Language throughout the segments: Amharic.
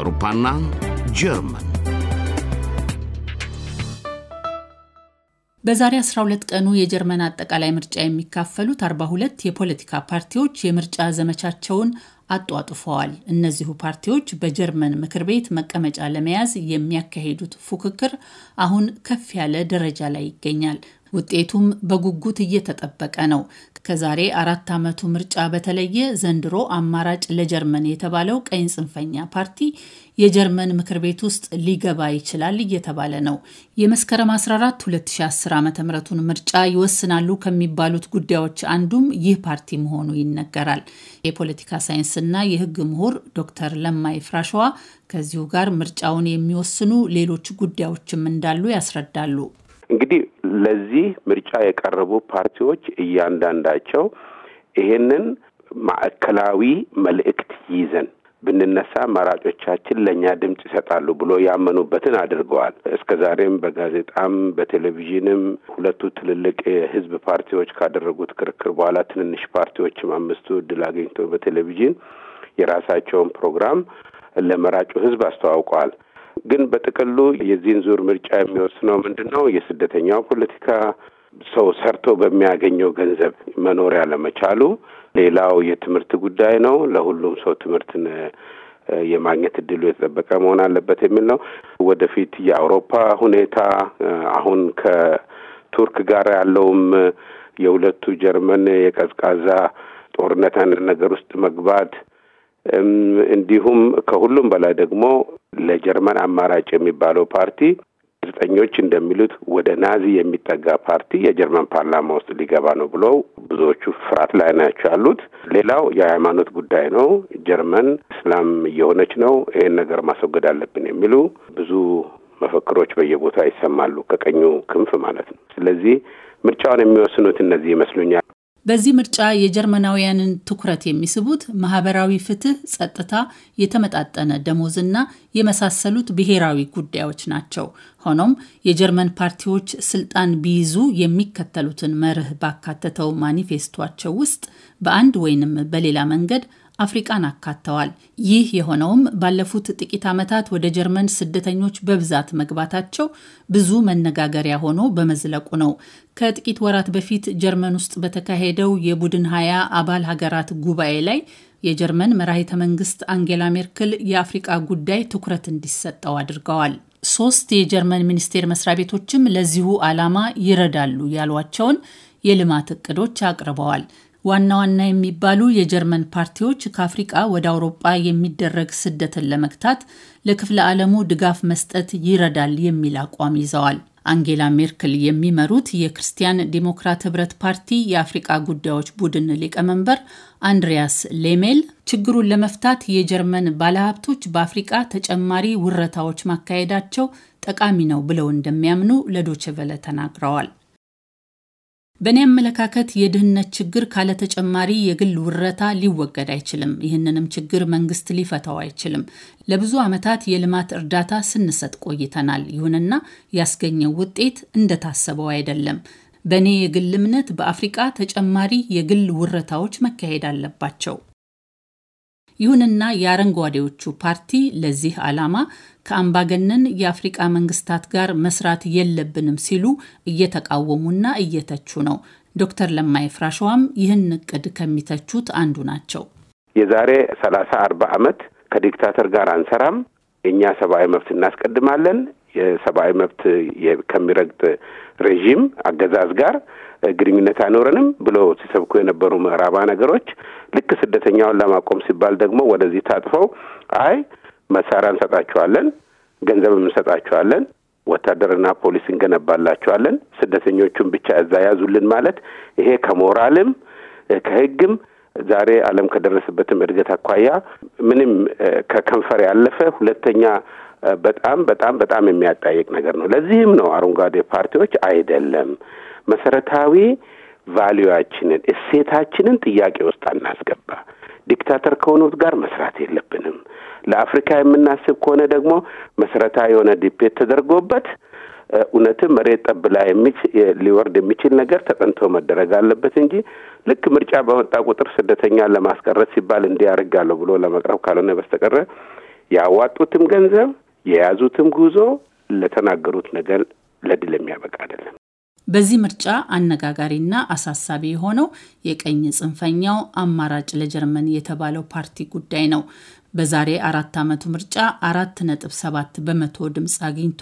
አውሮፓና ጀርመን በዛሬ 12 ቀኑ የጀርመን አጠቃላይ ምርጫ የሚካፈሉት 42 የፖለቲካ ፓርቲዎች የምርጫ ዘመቻቸውን አጧጥፈዋል። እነዚሁ ፓርቲዎች በጀርመን ምክር ቤት መቀመጫ ለመያዝ የሚያካሂዱት ፉክክር አሁን ከፍ ያለ ደረጃ ላይ ይገኛል። ውጤቱም በጉጉት እየተጠበቀ ነው። ከዛሬ አራት ዓመቱ ምርጫ በተለየ ዘንድሮ አማራጭ ለጀርመን የተባለው ቀኝ ጽንፈኛ ፓርቲ የጀርመን ምክር ቤት ውስጥ ሊገባ ይችላል እየተባለ ነው። የመስከረም 14 2010 ዓ ምርጫ ይወስናሉ ከሚባሉት ጉዳዮች አንዱም ይህ ፓርቲ መሆኑ ይነገራል። የፖለቲካ ሳይንስና የሕግ ምሁር ዶክተር ለማይ ፍራሸዋ ከዚሁ ጋር ምርጫውን የሚወስኑ ሌሎች ጉዳዮችም እንዳሉ ያስረዳሉ። እንግዲህ ለዚህ ምርጫ የቀረቡ ፓርቲዎች እያንዳንዳቸው ይሄንን ማዕከላዊ መልእክት ይዘን ብንነሳ መራጮቻችን ለእኛ ድምፅ ይሰጣሉ ብሎ ያመኑበትን አድርገዋል። እስከ ዛሬም በጋዜጣም በቴሌቪዥንም ሁለቱ ትልልቅ የህዝብ ፓርቲዎች ካደረጉት ክርክር በኋላ ትንንሽ ፓርቲዎችም አምስቱ እድል አግኝተው በቴሌቪዥን የራሳቸውን ፕሮግራም ለመራጩ ህዝብ አስተዋውቀዋል። ግን በጥቅሉ የዚህን ዙር ምርጫ የሚወስነው ምንድን ነው? የስደተኛው ፖለቲካ፣ ሰው ሰርቶ በሚያገኘው ገንዘብ መኖሪያ ለመቻሉ ሌላው የትምህርት ጉዳይ ነው። ለሁሉም ሰው ትምህርትን የማግኘት እድሉ የተጠበቀ መሆን አለበት የሚል ነው። ወደፊት የአውሮፓ ሁኔታ አሁን ከቱርክ ጋር ያለውም የሁለቱ ጀርመን የቀዝቃዛ ጦርነት አንድ ነገር ውስጥ መግባት እንዲሁም ከሁሉም በላይ ደግሞ ለጀርመን አማራጭ የሚባለው ፓርቲ ጋዜጠኞች እንደሚሉት ወደ ናዚ የሚጠጋ ፓርቲ የጀርመን ፓርላማ ውስጥ ሊገባ ነው ብለው ብዙዎቹ ፍርሃት ላይ ናቸው ያሉት። ሌላው የሃይማኖት ጉዳይ ነው። ጀርመን እስላም እየሆነች ነው፣ ይሄን ነገር ማስወገድ አለብን የሚሉ ብዙ መፈክሮች በየቦታ ይሰማሉ፣ ከቀኙ ክንፍ ማለት ነው። ስለዚህ ምርጫውን የሚወስኑት እነዚህ ይመስሉኛል። በዚህ ምርጫ የጀርመናውያንን ትኩረት የሚስቡት ማህበራዊ ፍትህ፣ ጸጥታ፣ የተመጣጠነ ደሞዝና የመሳሰሉት ብሔራዊ ጉዳዮች ናቸው። ሆኖም የጀርመን ፓርቲዎች ስልጣን ቢይዙ የሚከተሉትን መርህ ባካተተው ማኒፌስቷቸው ውስጥ በአንድ ወይንም በሌላ መንገድ አፍሪቃን አካተዋል። ይህ የሆነውም ባለፉት ጥቂት ዓመታት ወደ ጀርመን ስደተኞች በብዛት መግባታቸው ብዙ መነጋገሪያ ሆኖ በመዝለቁ ነው። ከጥቂት ወራት በፊት ጀርመን ውስጥ በተካሄደው የቡድን ሀያ አባል ሀገራት ጉባኤ ላይ የጀርመን መራሂተ መንግስት አንጌላ ሜርክል የአፍሪቃ ጉዳይ ትኩረት እንዲሰጠው አድርገዋል። ሶስት የጀርመን ሚኒስቴር መስሪያ ቤቶችም ለዚሁ ዓላማ ይረዳሉ ያሏቸውን የልማት እቅዶች አቅርበዋል። ዋና ዋና የሚባሉ የጀርመን ፓርቲዎች ከአፍሪቃ ወደ አውሮጳ የሚደረግ ስደትን ለመግታት ለክፍለ ዓለሙ ድጋፍ መስጠት ይረዳል የሚል አቋም ይዘዋል። አንጌላ ሜርክል የሚመሩት የክርስቲያን ዲሞክራት ህብረት ፓርቲ የአፍሪቃ ጉዳዮች ቡድን ሊቀመንበር አንድሪያስ ሌሜል ችግሩን ለመፍታት የጀርመን ባለሀብቶች በአፍሪቃ ተጨማሪ ውረታዎች ማካሄዳቸው ጠቃሚ ነው ብለው እንደሚያምኑ ለዶችቨለ ተናግረዋል። በእኔ አመለካከት የድህነት ችግር ካለ ተጨማሪ የግል ውረታ ሊወገድ አይችልም። ይህንንም ችግር መንግስት ሊፈታው አይችልም። ለብዙ ዓመታት የልማት እርዳታ ስንሰጥ ቆይተናል። ይሁንና ያስገኘው ውጤት እንደታሰበው አይደለም። በእኔ የግል እምነት በአፍሪቃ ተጨማሪ የግል ውረታዎች መካሄድ አለባቸው። ይሁንና የአረንጓዴዎቹ ፓርቲ ለዚህ ዓላማ ከአምባገነን የአፍሪቃ መንግስታት ጋር መስራት የለብንም ሲሉ እየተቃወሙና እየተቹ ነው። ዶክተር ለማይ ፍራሸዋም ይህን እቅድ ከሚተቹት አንዱ ናቸው። የዛሬ ሰላሳ አርባ ዓመት ከዲክታተር ጋር አንሰራም፣ እኛ ሰብአዊ መብት እናስቀድማለን የሰብአዊ መብት ከሚረግጥ ሬዥም አገዛዝ ጋር ግንኙነት አይኖረንም ብሎ ሲሰብኩ የነበሩ ምዕራባ ነገሮች ልክ ስደተኛውን ለማቆም ሲባል ደግሞ ወደዚህ ታጥፈው አይ መሳሪያ እንሰጣችኋለን፣ ገንዘብ እንሰጣችኋለን፣ ወታደርና ፖሊስ እንገነባላችኋለን፣ ስደተኞቹን ብቻ እዛ ያዙልን ማለት ይሄ ከሞራልም ከህግም ዛሬ ዓለም ከደረሰበትም እድገት አኳያ ምንም ከከንፈር ያለፈ ሁለተኛ በጣም በጣም በጣም የሚያጠያይቅ ነገር ነው። ለዚህም ነው አረንጓዴ ፓርቲዎች አይደለም መሰረታዊ ቫሊዩችንን እሴታችንን ጥያቄ ውስጥ አናስገባ፣ ዲክታተር ከሆኑት ጋር መስራት የለብንም። ለአፍሪካ የምናስብ ከሆነ ደግሞ መሰረታዊ የሆነ ዲፔት ተደርጎበት እውነትም መሬት ጠብላ የሚች ሊወርድ የሚችል ነገር ተጠንቶ መደረግ አለበት እንጂ ልክ ምርጫ በመጣ ቁጥር ስደተኛ ለማስቀረት ሲባል እንዲያደርጋለሁ ብሎ ለመቅረብ ካልሆነ በስተቀረ ያዋጡትም ገንዘብ የያዙትም ጉዞ ለተናገሩት ነገር ለድል የሚያበቃ አይደለም። በዚህ ምርጫ አነጋጋሪና አሳሳቢ የሆነው የቀኝ ጽንፈኛው አማራጭ ለጀርመን የተባለው ፓርቲ ጉዳይ ነው። በዛሬ አራት ዓመቱ ምርጫ አራት ነጥብ ሰባት በመቶ ድምፅ አግኝቶ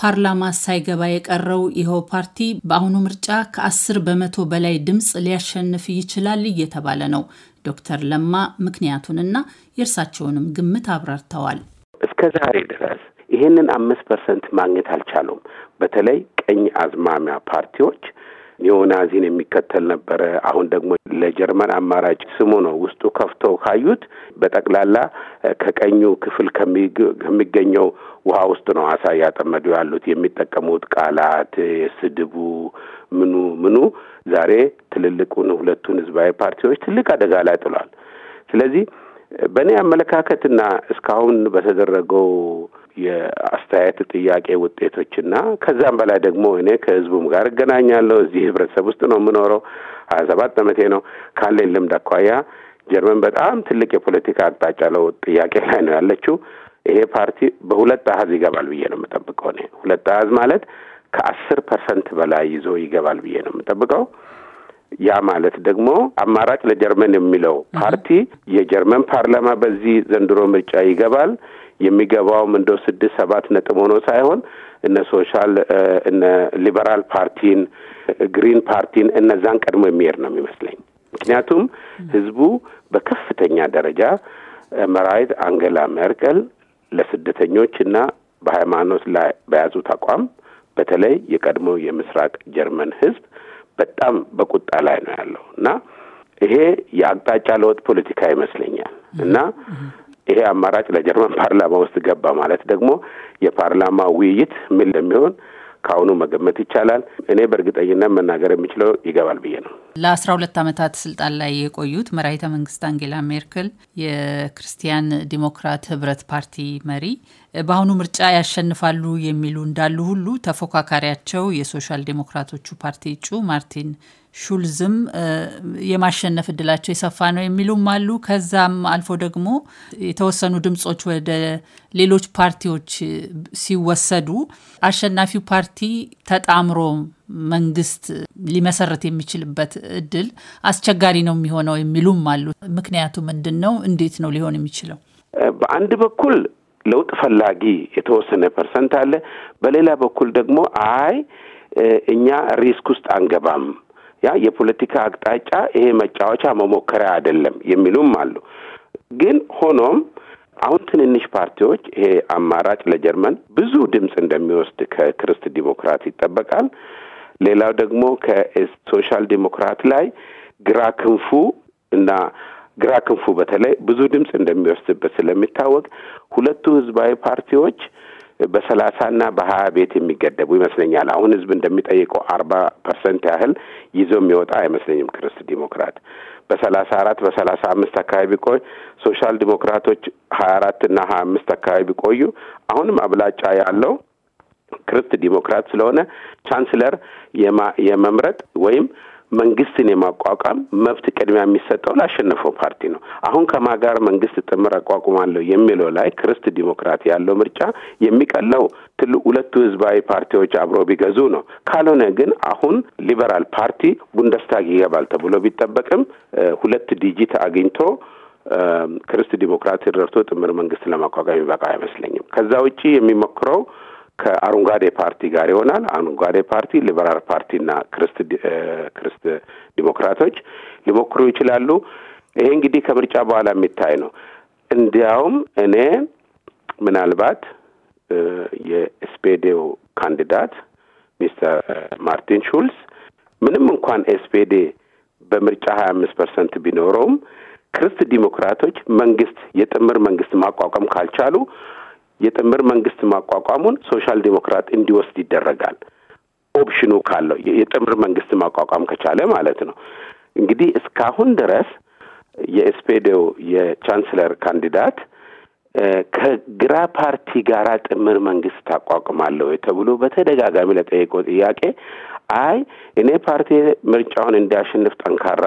ፓርላማ ሳይገባ የቀረው ይኸው ፓርቲ በአሁኑ ምርጫ ከአስር በመቶ በላይ ድምፅ ሊያሸንፍ ይችላል እየተባለ ነው። ዶክተር ለማ ምክንያቱንና የእርሳቸውንም ግምት አብራርተዋል። እስከ ዛሬ ድረስ ይህንን አምስት ፐርሰንት ማግኘት አልቻሉም። በተለይ ቀኝ አዝማሚያ ፓርቲዎች ኒዮናዚን የሚከተል ነበረ። አሁን ደግሞ ለጀርመን አማራጭ ስሙ ነው። ውስጡ ከፍተው ካዩት በጠቅላላ ከቀኙ ክፍል ከሚገኘው ውሃ ውስጥ ነው አሳ እያጠመዱ ያሉት። የሚጠቀሙት ቃላት የስድቡ ምኑ ምኑ ዛሬ ትልልቁን ሁለቱን ህዝባዊ ፓርቲዎች ትልቅ አደጋ ላይ ጥሏል። ስለዚህ በእኔ አመለካከትና እስካሁን በተደረገው የአስተያየት ጥያቄ ውጤቶችና ከዛም በላይ ደግሞ እኔ ከህዝቡም ጋር እገናኛለሁ። እዚህ ህብረተሰብ ውስጥ ነው የምኖረው። ሀያ ሰባት ዓመቴ ነው። ካለኝ ልምድ አኳያ ጀርመን በጣም ትልቅ የፖለቲካ አቅጣጫ ለውጥ ጥያቄ ላይ ነው ያለችው። ይሄ ፓርቲ በሁለት አሀዝ ይገባል ብዬ ነው የምጠብቀው። እኔ ሁለት አሀዝ ማለት ከአስር ፐርሰንት በላይ ይዞ ይገባል ብዬ ነው የምጠብቀው። ያ ማለት ደግሞ አማራጭ ለጀርመን የሚለው ፓርቲ የጀርመን ፓርላማ በዚህ ዘንድሮ ምርጫ ይገባል። የሚገባውም እንደው ስድስት ሰባት ነጥብ ሆኖ ሳይሆን እነ ሶሻል እነ ሊበራል ፓርቲን፣ ግሪን ፓርቲን እነዛን ቀድሞ የሚሄድ ነው የሚመስለኝ። ምክንያቱም ህዝቡ በከፍተኛ ደረጃ መራይት አንገላ ሜርከል እና በሃይማኖት ላይ በያዙት አቋም በተለይ የቀድሞ የምስራቅ ጀርመን ህዝብ በጣም በቁጣ ላይ ነው ያለው እና ይሄ የአቅጣጫ ለውጥ ፖለቲካ ይመስለኛል እና ይሄ አማራጭ ለጀርመን ፓርላማ ውስጥ ገባ ማለት ደግሞ የፓርላማ ውይይት ምን ለሚሆን ከአሁኑ መገመት ይቻላል። እኔ በእርግጠኝነት መናገር የሚችለው ይገባል ብዬ ነው። ለአስራ ሁለት ዓመታት ስልጣን ላይ የቆዩት መራሂተ መንግስት አንጌላ ሜርክል የክርስቲያን ዲሞክራት ህብረት ፓርቲ መሪ በአሁኑ ምርጫ ያሸንፋሉ የሚሉ እንዳሉ ሁሉ ተፎካካሪያቸው የሶሻል ዴሞክራቶቹ ፓርቲ እጩ ማርቲን ሹልዝም የማሸነፍ እድላቸው የሰፋ ነው የሚሉም አሉ። ከዛም አልፎ ደግሞ የተወሰኑ ድምጾች ወደ ሌሎች ፓርቲዎች ሲወሰዱ አሸናፊው ፓርቲ ተጣምሮ መንግስት ሊመሰረት የሚችልበት እድል አስቸጋሪ ነው የሚሆነው የሚሉም አሉ። ምክንያቱ ምንድን ነው? እንዴት ነው ሊሆን የሚችለው? በአንድ በኩል ለውጥ ፈላጊ የተወሰነ ፐርሰንት አለ። በሌላ በኩል ደግሞ አይ እኛ ሪስክ ውስጥ አንገባም ያ የፖለቲካ አቅጣጫ ይሄ መጫወቻ መሞከሪያ አይደለም የሚሉም አሉ። ግን ሆኖም አሁን ትንንሽ ፓርቲዎች ይሄ አማራጭ ለጀርመን ብዙ ድምፅ እንደሚወስድ ከክርስት ዲሞክራት ይጠበቃል። ሌላው ደግሞ ከሶሻል ዲሞክራት ላይ ግራ ክንፉ እና ግራ ክንፉ በተለይ ብዙ ድምፅ እንደሚወስድበት ስለሚታወቅ ሁለቱ ህዝባዊ ፓርቲዎች በሰላሳና በሀያ ቤት የሚገደቡ ይመስለኛል። አሁን ህዝብ እንደሚጠይቀው አርባ ፐርሰንት ያህል ይዞ የሚወጣ አይመስለኝም። ክርስት ዲሞክራት በሰላሳ አራት በሰላሳ አምስት አካባቢ ቢቆይ ሶሻል ዲሞክራቶች ሀያ አራት እና ሀያ አምስት አካባቢ ቢቆዩ አሁንም አብላጫ ያለው ክርስት ዲሞክራት ስለሆነ ቻንስለር የመምረጥ ወይም መንግስትን የማቋቋም መብት ቅድሚያ የሚሰጠው ላሸነፈው ፓርቲ ነው። አሁን ከማጋር መንግስት ጥምር አቋቁማለሁ የሚለው ላይ ክርስት ዲሞክራት ያለው ምርጫ የሚቀለው ትል ሁለቱ ህዝባዊ ፓርቲዎች አብሮ ቢገዙ ነው። ካልሆነ ግን አሁን ሊበራል ፓርቲ ቡንደስታግ ይገባል ተብሎ ቢጠበቅም ሁለት ዲጂት አግኝቶ ክርስት ዲሞክራትን ረድቶ ጥምር መንግስት ለማቋቋም ይበቃ አይመስለኝም። ከዛ ውጪ የሚሞክረው ከአረንጓዴ ፓርቲ ጋር ይሆናል። አረንጓዴ ፓርቲ፣ ሊበራል ፓርቲና ክርስት ክርስት ዲሞክራቶች ሊሞክሩ ይችላሉ። ይሄ እንግዲህ ከምርጫ በኋላ የሚታይ ነው። እንዲያውም እኔ ምናልባት የኤስፔዴው ካንዲዳት ሚስተር ማርቲን ሹልስ ምንም እንኳን ኤስፔዴ በምርጫ ሀያ አምስት ፐርሰንት ቢኖረውም ክርስት ዲሞክራቶች መንግስት የጥምር መንግስት ማቋቋም ካልቻሉ የጥምር መንግስት ማቋቋሙን ሶሻል ዲሞክራት እንዲወስድ ይደረጋል። ኦፕሽኑ ካለው የጥምር መንግስት ማቋቋም ከቻለ ማለት ነው። እንግዲህ እስካሁን ድረስ የኤስፔዴው የቻንስለር ካንዲዳት ከግራ ፓርቲ ጋር ጥምር መንግስት ታቋቁማለሁ ተብሎ በተደጋጋሚ ለጠየቀው ጥያቄ አይ እኔ ፓርቲ ምርጫውን እንዲያሸንፍ ጠንካራ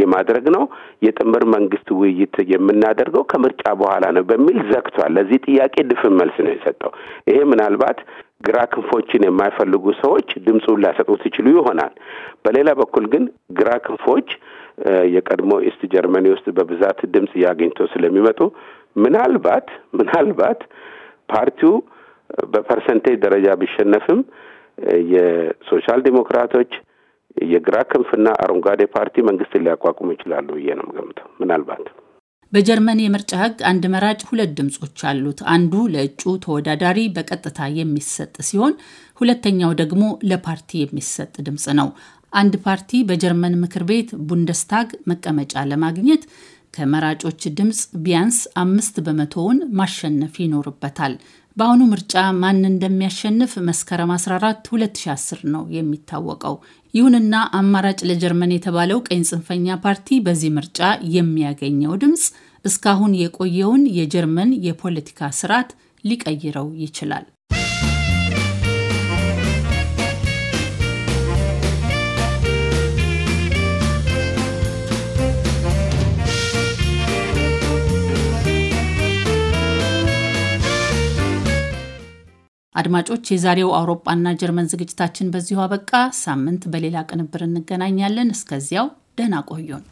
የማድረግ ነው የጥምር መንግስት ውይይት የምናደርገው ከምርጫ በኋላ ነው በሚል ዘግቷል። ለዚህ ጥያቄ ድፍን መልስ ነው የሰጠው። ይሄ ምናልባት ግራ ክንፎችን የማይፈልጉ ሰዎች ድምፁን ላሰጡት ይችሉ ይሆናል። በሌላ በኩል ግን ግራ ክንፎች የቀድሞ ኢስት ጀርመኒ ውስጥ በብዛት ድምፅ እያገኝቶ ስለሚመጡ ምናልባት ምናልባት ፓርቲው በፐርሰንቴጅ ደረጃ ቢሸነፍም የሶሻል ዲሞክራቶች የግራ ክንፍና አረንጓዴ ፓርቲ መንግስትን ሊያቋቁሙ ይችላሉ ብዬ ነው ገምተው ምናልባት በጀርመን የምርጫ ህግ አንድ መራጭ ሁለት ድምጾች አሉት። አንዱ ለእጩ ተወዳዳሪ በቀጥታ የሚሰጥ ሲሆን ሁለተኛው ደግሞ ለፓርቲ የሚሰጥ ድምፅ ነው። አንድ ፓርቲ በጀርመን ምክር ቤት ቡንደስታግ መቀመጫ ለማግኘት ከመራጮች ድምፅ ቢያንስ አምስት በመቶውን ማሸነፍ ይኖርበታል። በአሁኑ ምርጫ ማን እንደሚያሸንፍ መስከረም 14 2010 ነው የሚታወቀው። ይሁንና አማራጭ ለጀርመን የተባለው ቀኝ ጽንፈኛ ፓርቲ በዚህ ምርጫ የሚያገኘው ድምፅ እስካሁን የቆየውን የጀርመን የፖለቲካ ስርዓት ሊቀይረው ይችላል። አድማጮች፣ የዛሬው አውሮፓና ጀርመን ዝግጅታችን በዚሁ አበቃ። ሳምንት በሌላ ቅንብር እንገናኛለን። እስከዚያው ደህና ቆዩን።